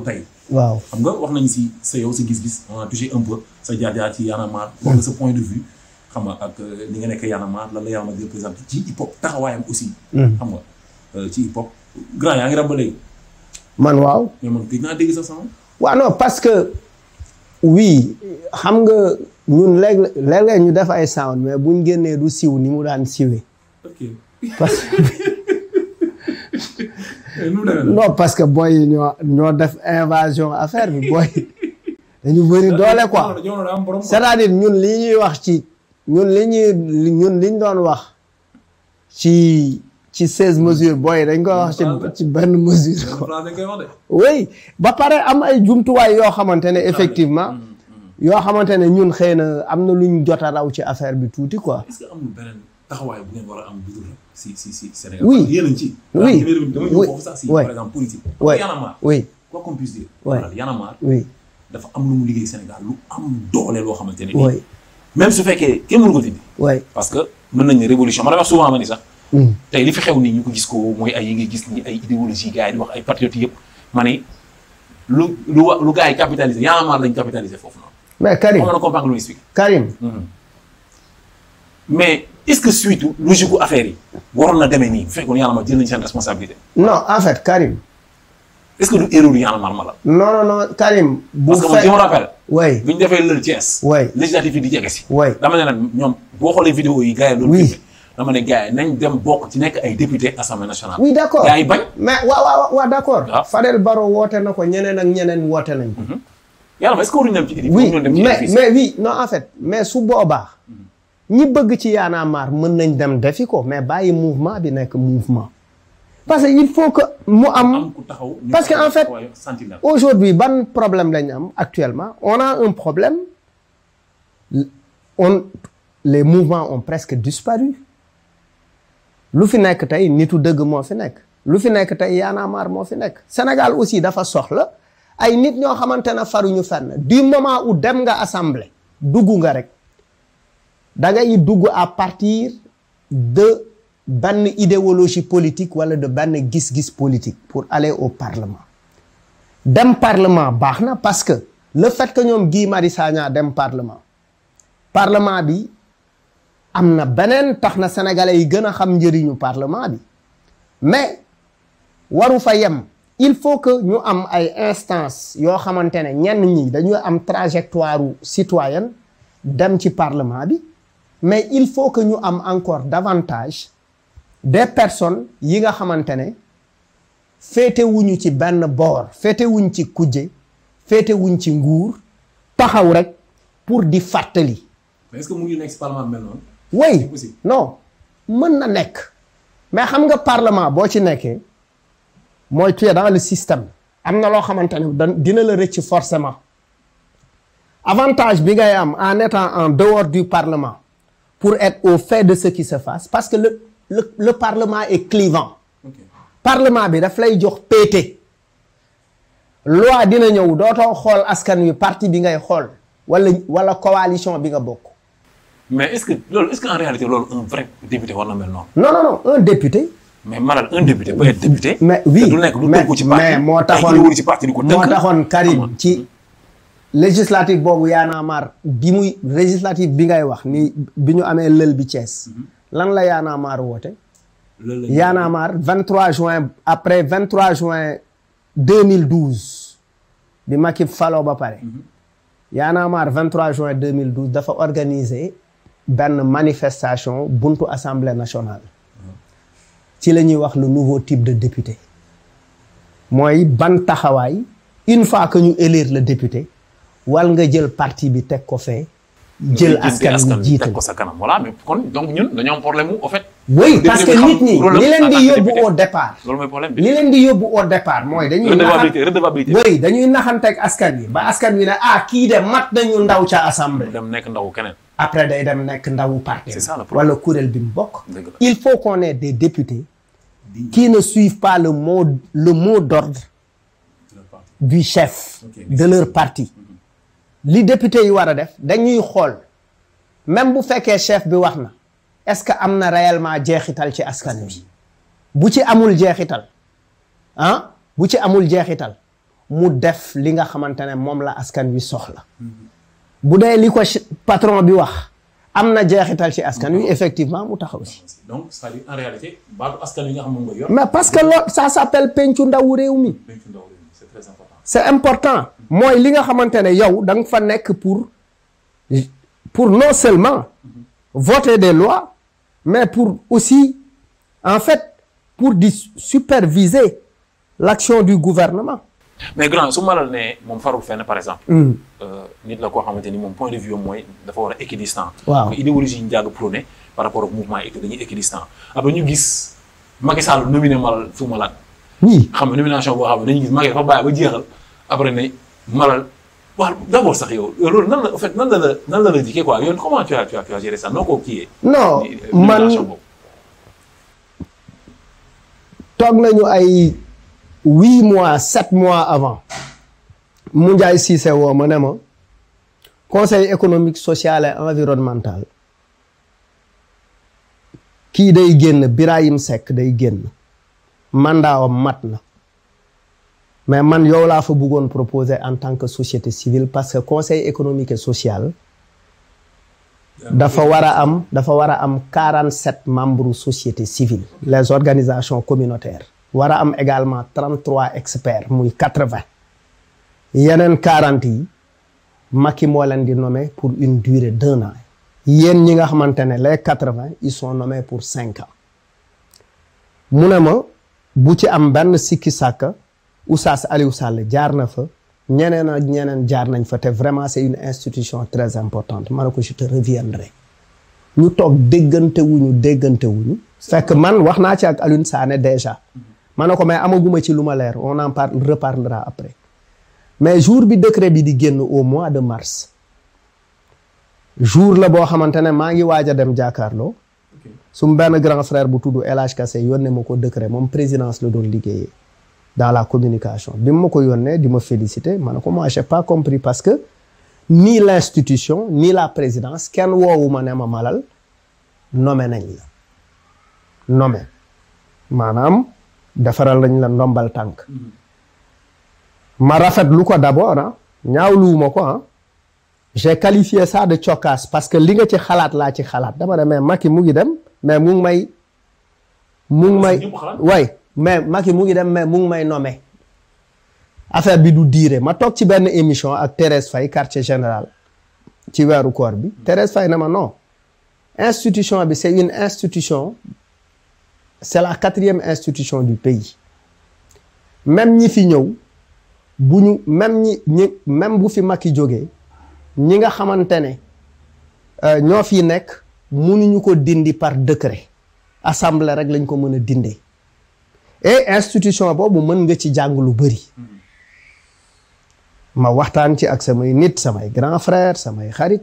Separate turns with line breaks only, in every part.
tey waaw xam nga wax nañu si sa yow si gis-gis on a touché un sa jaar-jaar ci Y'en a marre wax nga sa point de vue xam nga ak euh, ni nga nekk Y'en a marre lan la Y'en a marre di représenté hmm. xam nga euh, ci hip hop grand yaa ngi
man waaw mais man
gëj naa dégg sa son
waaw parce que oui xam nga ñun léeg léeg ñu def ay sound mais buñ génnee du siw ni mu daan siwee non parce que boy yi ñoo ñoo def invasion affaire bi boy dañu bëri doole
ko c'est-à-dire
ñun li ñuy wax ci ñun li ñuy ñun liñ doon wax ci ci seize mesures booy dañ koy wax ci benn mesure quoi oui ba pare am ay jumtuwaay yoo xamante ne effectivement mm, mm. yoo xamante ne ñun xëy na am na luñ jot a raw ci affaire bi tuuti quoi.
est si si si Sénégal. oui yéen a ngi ci. oui dama ñëw foofu sax si par exemple politique. oui oui quoi qu'on puisse dire. oui Y'en a marre. oui dafa am lu mu liggéey Sénégal lu am doole loo xamante ne nii. même su fekkee kenn mënu ko dindi. oui parce que mën nañu ne révolution man wax souvent ma ni sax. Hmm. tey li fi xew nii ñu ko gis ko mooy ay yi nga gis ni ay idéologie gars yi di wax ay patriotes yëpp ma ne lu lu wa lu gars yi capitalisé Y'en a marre lañu capitalisé foofu noonu. mais Karim ma mën a comprendre lu muy expliquer. Karim. Hmm. mais. est-ce que suite logique gu affaire yi waroon na demee nii bu fekkoon yàlla ma jël nañ seen responsabilité.
non en fait Karim.
que du erreur yàlla mar ma la.
non non non Karim. bu fekkee parce que je me rappelle.
oui bi ñu defee lël Thiès. oui di jege dama ne nag ñoom boo xoolee vidéo yi gars yi. oui dama ne gars yi nañ dem bokk ci nekk ay député assemblée nationale. oui d'accord gars yi bañ.
mais waaw waaw waaw d'accord. waaw Fadel woote na ko ñeneen ak ñeneen woote nañ ko. Mhm.
yàlla ma est-ce que waruñu dem ci. oui mais mais
oui non en mais su boobaa. Mhm. ñi bëgg ci Y'en mën nañ dem defi ko mais bàyyi mouvement bi nekk mouvement parce que il faut que mu am parce que en fait aujourd'hui ban problème lañu am actuellement on a un problème on les mouvements ont presque disparu lu fi nekk tey nitu dëgg moo fi nekk lu fi nekk tey Y'en moo fi nekk Sénégal aussi dafa soxla ay nit ñoo xamante ne faruñu fenn du moment où dem nga assemblée dugg nga rek da ngay dugg à partir de benn idéologie politique wala de benn gis-gis politique pour aller au parlement dem parlement baax na parce que le fait ñoom Guy Marius Sagna dem parlement parlement bi am na beneen tax na sénégalais yi gën a xam njëriñu parlement bi mais waru fa yem il faut que ñu am ay instance yoo xamante ne ñenn ñi dañuy am trajectoire citoyenne dem ci parlement bi mais il faut que ñu am encore davantage des personne yi nga xamante ne féetewuñu ci benn boor féetewuñ ci kujje féetewuñ ci nguur taxaw rek pour di fàttali. mais est-ce que mën na nekk. mais xam nga parlement boo ci nekkee mooy tu es dans le système. am na loo xamante ne dina la rëcc forcément avantage bi ngay am en étant en dehors du parlement. pour être au fait de ce qui se passe parce que le le, le parlement est clivent parlement bi daf lay jox péete loi dina ñëw doo dootoo xool askan wi parti bi ngay xool wala wala coalition bi nga bokk
mais est-ce que loolu est-ce que en réalité loolu un vrai député war na mais malal un député peut être député mais oui mais moo taxoon moo
Karim ci législative boobu Y'en a bi muy législative bi ngay wax ni bi ñu amee lël bi Thiès. Mhm. lan la Y'en a marre woote. lël Y'en a marre 23 juin après 23 juin 2012 bi Macky faloo ba pare. Y'en a marre 23 juin 2012 dafa organiser benn manifestation buntu assemblée nationale. Mhm. ci la ñuy wax le nouveau type de député. mooy ban taxawaay une fois que ñu élire la député. wal nga jël partie bi teg ko fee. jël askan wi
jiite teg ko sa kanam voilà mais kon donc dañoo am problème mu au fait. oui parce que nit ñi li leen di
yóbbu au départ. loolu mooy problème bi li leen di yóbbu au départ mooy. dañuy redevabilité redevabilité. askan wi ba askan wi ne ah kii de mat nañu ndaw ca assemblée. dem nekk ndaw keneen. après day dem nekk ndawu parti. wala kuréel bi mu bokk. il faut qu'on des députés. qui ne suivent pas le mot le mot d'ordre du chef de leur parti. Mm. li député yi war a def dañuy xool même bu fekkee chef bi wax na est-ce que am na réellement jeexital ci askan wi bu ci amul jeexital ah, bu ci amul jeexital mu def li nga xamante ne moom la askan wi soxla bu dee li ko patron bi wax am na jeexital ci askan wi effectivement mu taxaw si.
donc c'est-à-dire en réalité baatu askan wi nga xam mais parce que loolu
ça s'appelle pencu ndawu réew mi. réew mi c'est important mooy li nga xamante ne yow da nga fa nekk pour pour non seulement voter des lois mais pour aussi en fait pour di superviser l'action du gouvernement
mais grand su ma la nee moom farul fenn par exemple. Mm. Euh, nit la koo xamante ni moom point de vue mooy dafa war a équidistant. waaw idéologie yi ñu par rapport ak mouvement école dañuy équidistant après ñu gis Macky Sall nominé mal fu ma laat. ñii xam nga nomination boo xam ne dañuy gis Macky dafa bàyyi après sax yow loolu nan la en fait nan la
man toog nañu ay huit mois sept mois avant mu njaay siise woo ma ne ma conseil économique social et kii day génn Birahim Seck day génn mandaawam mat na. mais man yow laa fa bëggoon proposer en tant que société civile parce que conseil économique et social dafa war a am dafa war a am quarante sept membres société civile les organisations communautaires war a am également trente trois experts muy quatre vingt yeneen quarante yi Macky moo leen di nommé pour une durée d'un an yéen ñi nga xamante ne les quatre vingt ils sont nommés pour cinq ans mu ne ma bu ci am benn sikki sàkka Oustaz Aliou Sall jaar na fa ñeneen ak ñeneen jaar nañ fa te vraiment c'est une institution très importante mane ko je te reviendrai ñu toog déggante wuñu déggante wuñu fekk man wax naa ci ak Alioune Sané déjà ma ne ko mais amaguma ci lu ma leer on en parle reparlera après mais jour bi décret bi di génn au mois de mars jour la boo xamante ne maa ngi waaj a dem jàkkaarloo su mu benn grand frère bu tudd El Hadj Kassé ne ma ko décret moom présidence la doon liggéeyee dans la communication bi ma ko yónnee di ma féliciter man ne ko moi j'ai pas compris parce que ni l'institution ni la présidence kenn woowu ma ne ma malal nome nañ la nommé maanaam defaral lañ la nombal tànk mm-hmm. ma rafet lu ko d'abord ah. ñaaw luwuma ko ah j'ai qualifié ça de cokkaas parce que li nga ci xalaat laa ci xalaat dama ne mais Macky mu ngi dem mais mu may mu ngi may way mais Macky mu ngi dem mais mu ngi may nommé affaire bi du diire ma toog ci benn émission ak Thérèse Faye quartier général ci weeru koor bi Thérèse Faye na ma non institution bi c'est une institution c'est la quatrième institution du pays même ñi fi ñëw bu ñu même ñi ñi même bu fi Macky jóge ñi nga xamante ne euh, ñoo fi nekk mënuñu ko dindi par décret assemblée rek lañ ko mën a dindee et eh, institution boobu mën nga ci jàng lu bëri ma waxtaan ci ak samay nit samay grand frère samay xarit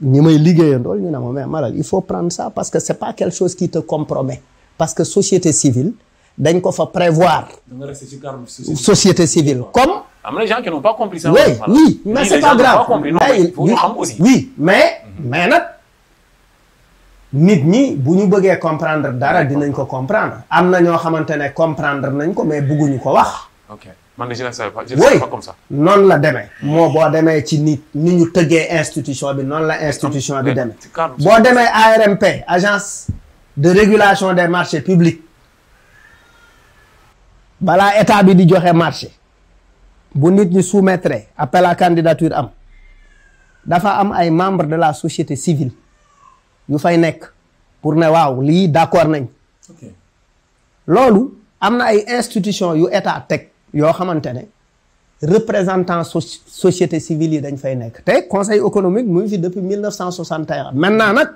ñi may liggéeyandool ñu ne ma mais malal il faut prendre ça parce que c'est pas quelque chose qui te compromet parce que société civile dañ ko fa prévoir société civile comme
am na gens qui pas compris mais
c'est mais mais nag nit ñi bu ñu bëggee comprendre dara dinañ ko comprendre am na ñoo xamante ne comprendre nañ ko mais bëgguñu ko wax.
ok man de je ne savais pas je ne
noonu la demee. moo boo demee ci nit ni ñu tëggee institution bi noonu la institution bi demee. boo demee ARMP agence de régulation des marché publics balaa état bi di joxe marché bu nit ñi soumettre appel à candidature am dafa am ay membres de la société civile. yu fay nekk pour ne waaw lii d'accord nañ loolu am na ay institution yu état teg yoo xamante ne représentant société civile yi dañ fay nekk te conseil économique mu ngi fi depuis 1961 maintenant nag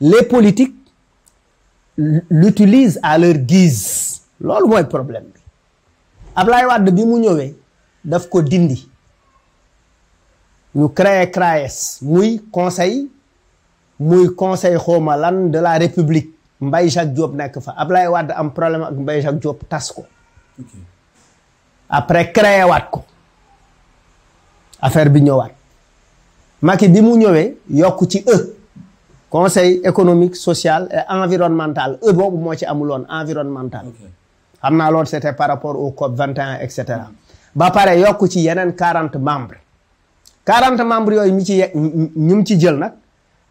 les politiques l'utilisent à leur guise loolu mooy problème bi Ablaye Wade bi mu ñëwee daf ko dindi ñu créer CRAES muy conseil muy conseil xawma lan de la république Mbaye Jacques Diop nekk fa Ablaye Wade am problème ak Mbaye Jacques Diop tas ko après créé waat ko affaire bi ñëwaat Macky bi mu ñëwee yokk ci e conseil économique social et environnemental e boobu moo ci amuloon environnemental xam naa loolu c'était par rapport au COP 21 et cetera ba pare yokk ci yeneen quarante membres quarante membres yooyu ñu ci ñu ci jël nag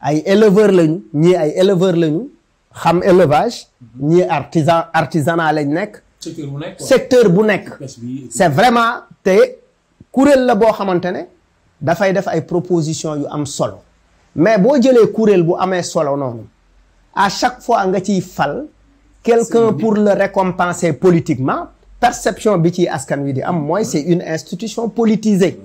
ay éleveur lañu ñii ay éleveur lañu xam élevage ñii artisan artisanat lañ nekk
secteur bu nekk
c'est vraiment te kuréel la boo xamante ne dafay def ay proposition yu am solo mais boo jëlee kuréel bu amee solo noonu à chaque fois nga ciy fal quelqu'un pour la récompenser politiquement perception bi ci askan wi di am mooy c'est une institution politisée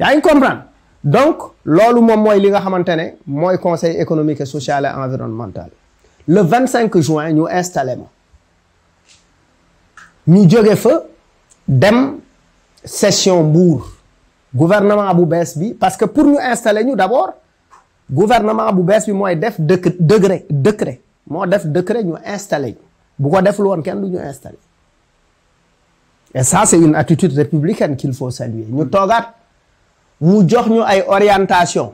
yaa ngi comprendre donc loolu moom mooy li nga xamante ne mooy conseil économique et social et environnemental le vingt cinq juin ñu installé ma ñu jóge fa dem session Mbour gouvernement bu bees bi parce que pour ñu installer ñu d'abord gouvernement bu bees bi mooy def dëkk décret moo def décret ñu installer ñu bu ko deful woon kenn du ñu installer et ça c'est une attitude républicaine qu'il faut saluer ñu toogaat mu jox ñu ay orientation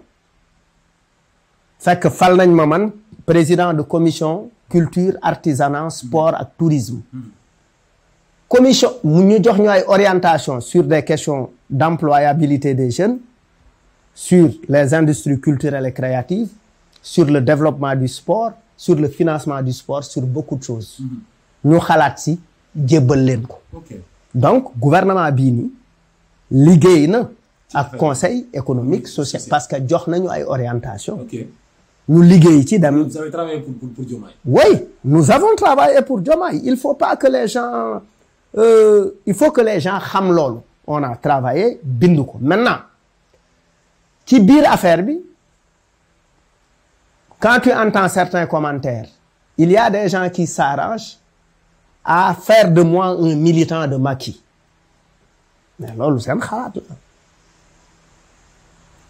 fekk fal nañ ma man président de commission culture artisanat sport ak tourisme commission mu ñu jox ñu ay orientation sur des questions d'employabilité des jeunes sur les industries culturelles et créatives sur le développement du sport sur le financement du sport sur beaucoup de choses mm-hmm. ñu xalaat si jébbal leen ko donc gouvernement bii nii liggéey na ak conseil économique social parce que jox nañu ay orientation ñu liggéey ci dem. vous avez travaillé pour pour pour il faut pas que les gens euh, faut que les gens xam loolu. on a travaillé bind ko maintenant ci biir affaire bi quand tu entends certains commentaires il y a des gens qui s'arrangent à faire de moi un militant de Macky mais loolu seen xalaat